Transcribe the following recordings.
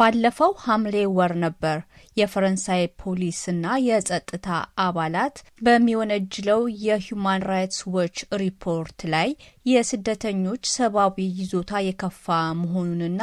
ባለፈው ሐምሌ ወር ነበር የፈረንሳይ ፖሊስና የጸጥታ አባላት በሚወነጅለው የሁማን ራይትስ ዎች ሪፖርት ላይ የስደተኞች ሰብአዊ ይዞታ የከፋ መሆኑንና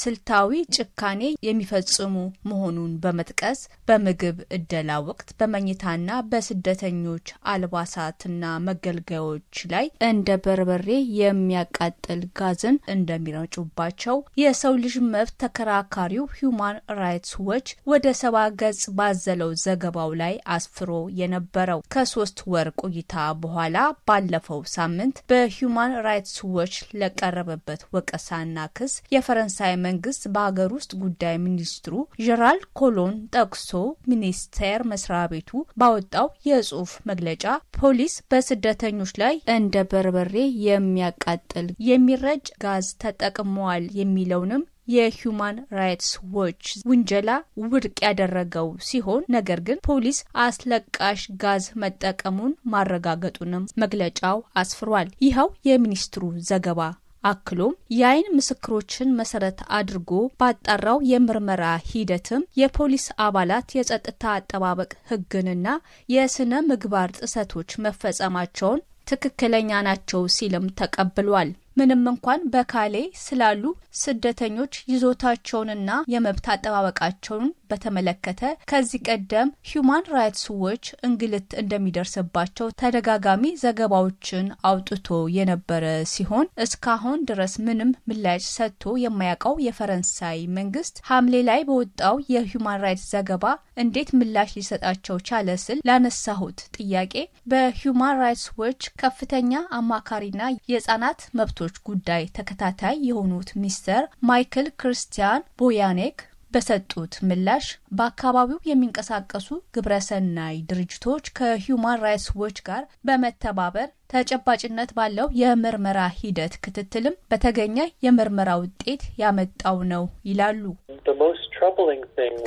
ስልታዊ ጭካኔ የሚፈጽሙ መሆኑን በመጥቀስ በምግብ እደላ ወቅት በመኝታና በስደተኞች አልባሳትና መገልገያዎች ላይ እንደ በርበሬ የሚያቃጥል ጋዝን እንደሚረጩባቸው የሰው ልጅ መብት ተከራካ አማካሪው ሂዩማን ራይትስ ዎች ወደ ሰባ ገጽ ባዘለው ዘገባው ላይ አስፍሮ የነበረው ከሶስት ወር ቆይታ በኋላ ባለፈው ሳምንት በሂዩማን ራይትስ ዎች ለቀረበበት ወቀሳና ክስ የፈረንሳይ መንግስት በሀገር ውስጥ ጉዳይ ሚኒስትሩ ጀራል ኮሎን ጠቅሶ ሚኒስቴር መስሪያ ቤቱ ባወጣው የጽሁፍ መግለጫ ፖሊስ በስደተኞች ላይ እንደ በርበሬ የሚያቃጥል የሚረጭ ጋዝ ተጠቅመዋል የሚለውንም የሂዩማን ራይትስ ዎች ውንጀላ ውድቅ ያደረገው ሲሆን ነገር ግን ፖሊስ አስለቃሽ ጋዝ መጠቀሙን ማረጋገጡንም መግለጫው አስፍሯል። ይኸው የሚኒስትሩ ዘገባ አክሎም የአይን ምስክሮችን መሰረት አድርጎ ባጣራው የምርመራ ሂደትም የፖሊስ አባላት የጸጥታ አጠባበቅ ሕግንና የስነ ምግባር ጥሰቶች መፈጸማቸውን ትክክለኛ ናቸው ሲልም ተቀብሏል። ምንም እንኳን በካሌ ስላሉ ስደተኞች ይዞታቸውንና የመብት አጠባበቃቸውን በተመለከተ ከዚህ ቀደም ሂዩማን ራይትስ ዎች እንግልት እንደሚደርስባቸው ተደጋጋሚ ዘገባዎችን አውጥቶ የነበረ ሲሆን እስካሁን ድረስ ምንም ምላሽ ሰጥቶ የማያውቀው የፈረንሳይ መንግስት ሐምሌ ላይ በወጣው የሂዩማን ራይትስ ዘገባ እንዴት ምላሽ ሊሰጣቸው ቻለ ስል ላነሳሁት ጥያቄ በሂዩማን ራይትስ ዎች ከፍተኛ አማካሪና የህጻናት መብቶች ጉዳይ ተከታታይ የሆኑት ሚስተር ማይክል ክርስቲያን ቦያኔክ በሰጡት ምላሽ በአካባቢው የሚንቀሳቀሱ ግብረሰናይ ድርጅቶች ከሂውማን ራይትስ ዎች ጋር በመተባበር ተጨባጭነት ባለው የምርመራ ሂደት ክትትልም በተገኘ የምርመራ ውጤት ያመጣው ነው ይላሉ።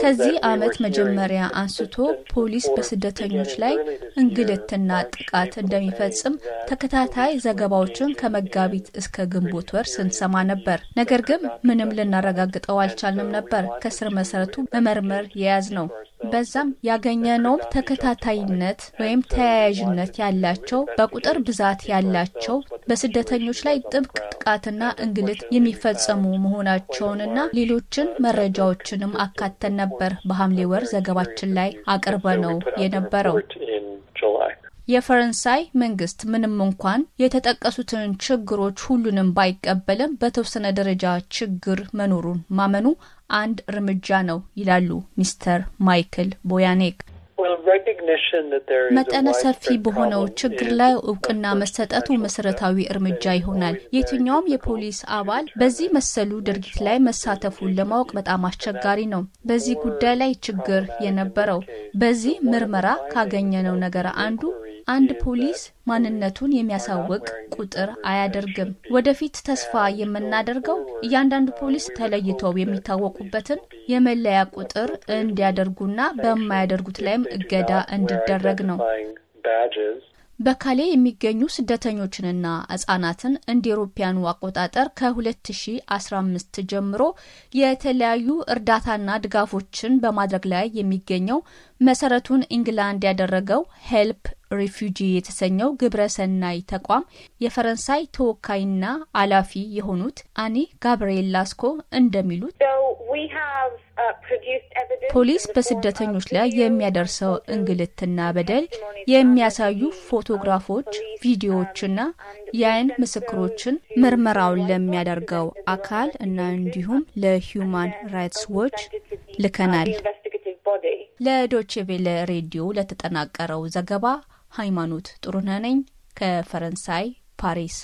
ከዚህ ዓመት መጀመሪያ አንስቶ ፖሊስ በስደተኞች ላይ እንግልትና ጥቃት እንደሚፈጽም ተከታታይ ዘገባዎችን ከመጋቢት እስከ ግንቦት ወር ስንሰማ ነበር። ነገር ግን ምንም ልናረጋግጠው አልቻልንም ነበር። ከስር መሰረቱ መመርመር የያዝ ነው። በዛም ያገኘነውም ተከታታይነት ወይም ተያያዥነት ያላቸው በቁጥር ብዛት ያላቸው በስደተኞች ላይ ጥብቅ ጥቃትና እንግልት የሚፈጸሙ መሆናቸውንና ሌሎችን መረጃዎችንም አካተን ነበር በሐምሌ ወር ዘገባችን ላይ አቅርበ ነው የነበረው። የፈረንሳይ መንግስት ምንም እንኳን የተጠቀሱትን ችግሮች ሁሉንም ባይቀበልም በተወሰነ ደረጃ ችግር መኖሩን ማመኑ አንድ እርምጃ ነው ይላሉ ሚስተር ማይክል ቦያኔክ። መጠነ ሰፊ በሆነው ችግር ላይ እውቅና መሰጠቱ መሰረታዊ እርምጃ ይሆናል። የትኛውም የፖሊስ አባል በዚህ መሰሉ ድርጊት ላይ መሳተፉን ለማወቅ በጣም አስቸጋሪ ነው። በዚህ ጉዳይ ላይ ችግር የነበረው በዚህ ምርመራ ካገኘነው ነገር አንዱ አንድ ፖሊስ ማንነቱን የሚያሳውቅ ቁጥር አያደርግም። ወደፊት ተስፋ የምናደርገው እያንዳንዱ ፖሊስ ተለይተው የሚታወቁበትን የመለያ ቁጥር እንዲያደርጉና በማያደርጉት ላይም እገዳ እንዲደረግ ነው። በካሌ የሚገኙ ስደተኞችንና ህጻናትን እንደ ኤሮፓያኑ አቆጣጠር ከ2015 ጀምሮ የተለያዩ እርዳታና ድጋፎችን በማድረግ ላይ የሚገኘው መሰረቱን ኢንግላንድ ያደረገው ሄልፕ ሪፊጂ የተሰኘው ግብረ ሰናይ ተቋም የፈረንሳይ ተወካይና አላፊ የሆኑት አኒ ጋብርኤል ላስኮ እንደሚሉት ፖሊስ በስደተኞች ላይ የሚያደርሰው እንግልትና በደል የሚያሳዩ ፎቶግራፎች፣ ቪዲዮዎችና የአይን ምስክሮችን ምርመራውን ለሚያደርገው አካል እና እንዲሁም ለሂዩማን ራይትስ ዎች ልከናል። ለዶችቬለ ሬዲዮ ለተጠናቀረው ዘገባ ሃይማኖት ጥሩነህ ነኝ ከፈረንሳይ ፓሪስ